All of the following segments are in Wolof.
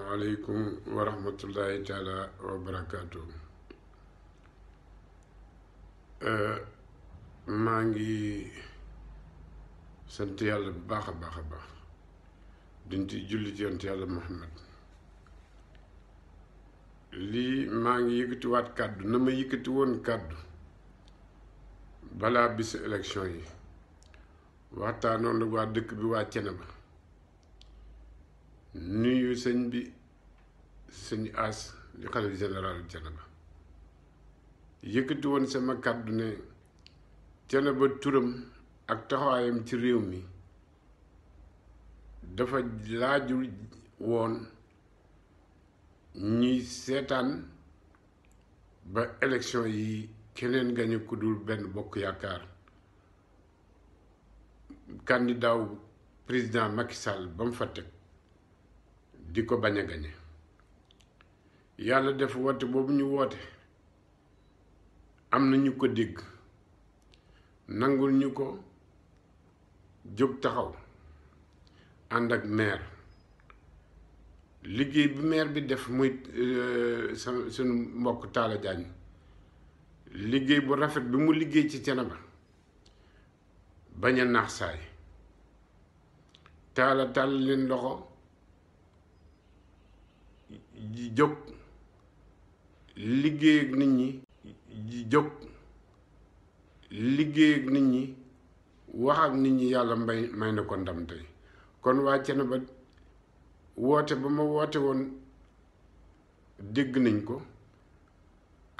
waaleykum wa rahmatullahi taala wa barakaatu eh, maa ngi sant yàlla bu baax a baax a baax dinti julli ci yonent yàlla Muhammad lii maa ngi yëkkatiwaat kàddu na ma yëkkati woon kàddu balaa bisu élection yi waxtaanoon ak waa dëkk bi waa Thiénaba nuyu bi sëñ as di xalif général Thiénaba yëkkati woon sama kàddu ne ba turam ak taxawaayam ci réew mi dafa laajul woon ñuy seetaan ba élection yi keneen gañu ku dul benn bokk yaakaar candidat président Macky Sall ba mu fa teg di ko bañ a gañe yàlla def woote boobu ñu woote am na ñu ko dégg nangul ñu ko jóg taxaw ànd ak maire liggéey bi meer bi def muy euh, sa suñu mbokk taala Diagne liggéey bu rafet bi mu liggéey ci Thiénaba bañ a naax taala taal leen loxo ji jóg liggéey ak nit ñi jóg liggéey nit ñi wax nit ñi yàlla may may na ko ndam tey kon waa Thiénaba woote ba ma woote woon dégg nañ ko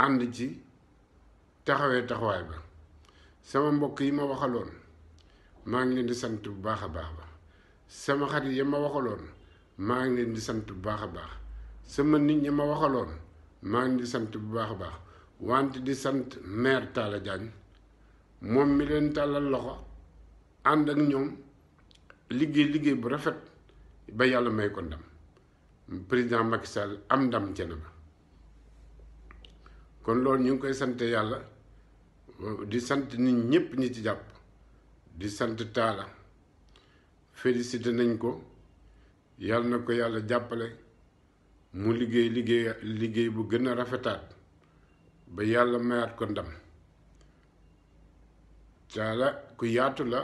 ànd ci taxawee taxawaay ba sama mbokk yi ma waxaloon maa ngi leen di sant bu baax a baax ba sama xarit yi ma waxaloon maa ngi leen di sant bu baax a baax sama nit ñi ma waxaloon maa ngi di sant bu baax a baax wante di sant maire Talla Diagne moom mi leen tàllal loxo ànd ak ñoom liggéey liggéey bu rafet ba yàlla may ko ndam président Macky Sall am ndam cene ba kon loolu ñu ngi koy sante yàlla di sant nit ñépp ñi ci jàpp di sant Talla félicité nañ ko yàlla na ko yàlla jàppale mu liggéey liggéey liggéey bu gën a rafetaat ba yàlla mayaat ko ndam caala ku yaatu la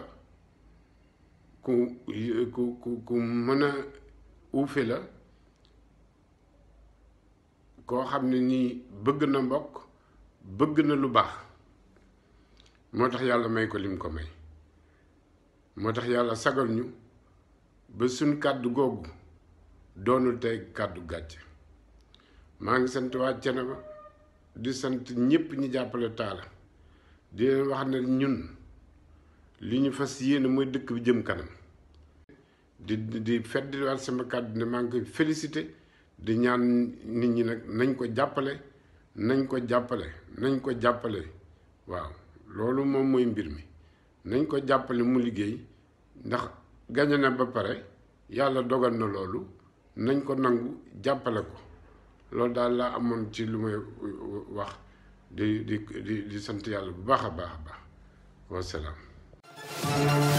ku ku ku ku mën a uufe la koo xam ne nii bëgg na mbokk bëgg na lu baax moo tax yàlla may ko lim ko may moo tax yàlla sagal ñu ba suñ kàddu googu doonu tey kàddu gàcce maa ngi sant waa Thiénaba di sant ñëpp ñi jàppale taala di leen wax ne ñun li ñu fas yéene mooy dëkk bi jëm kanam di di feddiwaat sama kàddu ne maa ngi koy félicité di ñaan nit ñi nag nañ ko jàppale nañ ko jàppale nañ ko jàppale waaw loolu moom mooy mbir mi nañ ko jàppale mu liggéey ndax gañe na ba pare yàlla dogal na loolu nañ ko nangu jàppale ko loolu daal laa amoon ci lu may euh, wax di di di sant yàlla bu baax a baax a baax wasalaam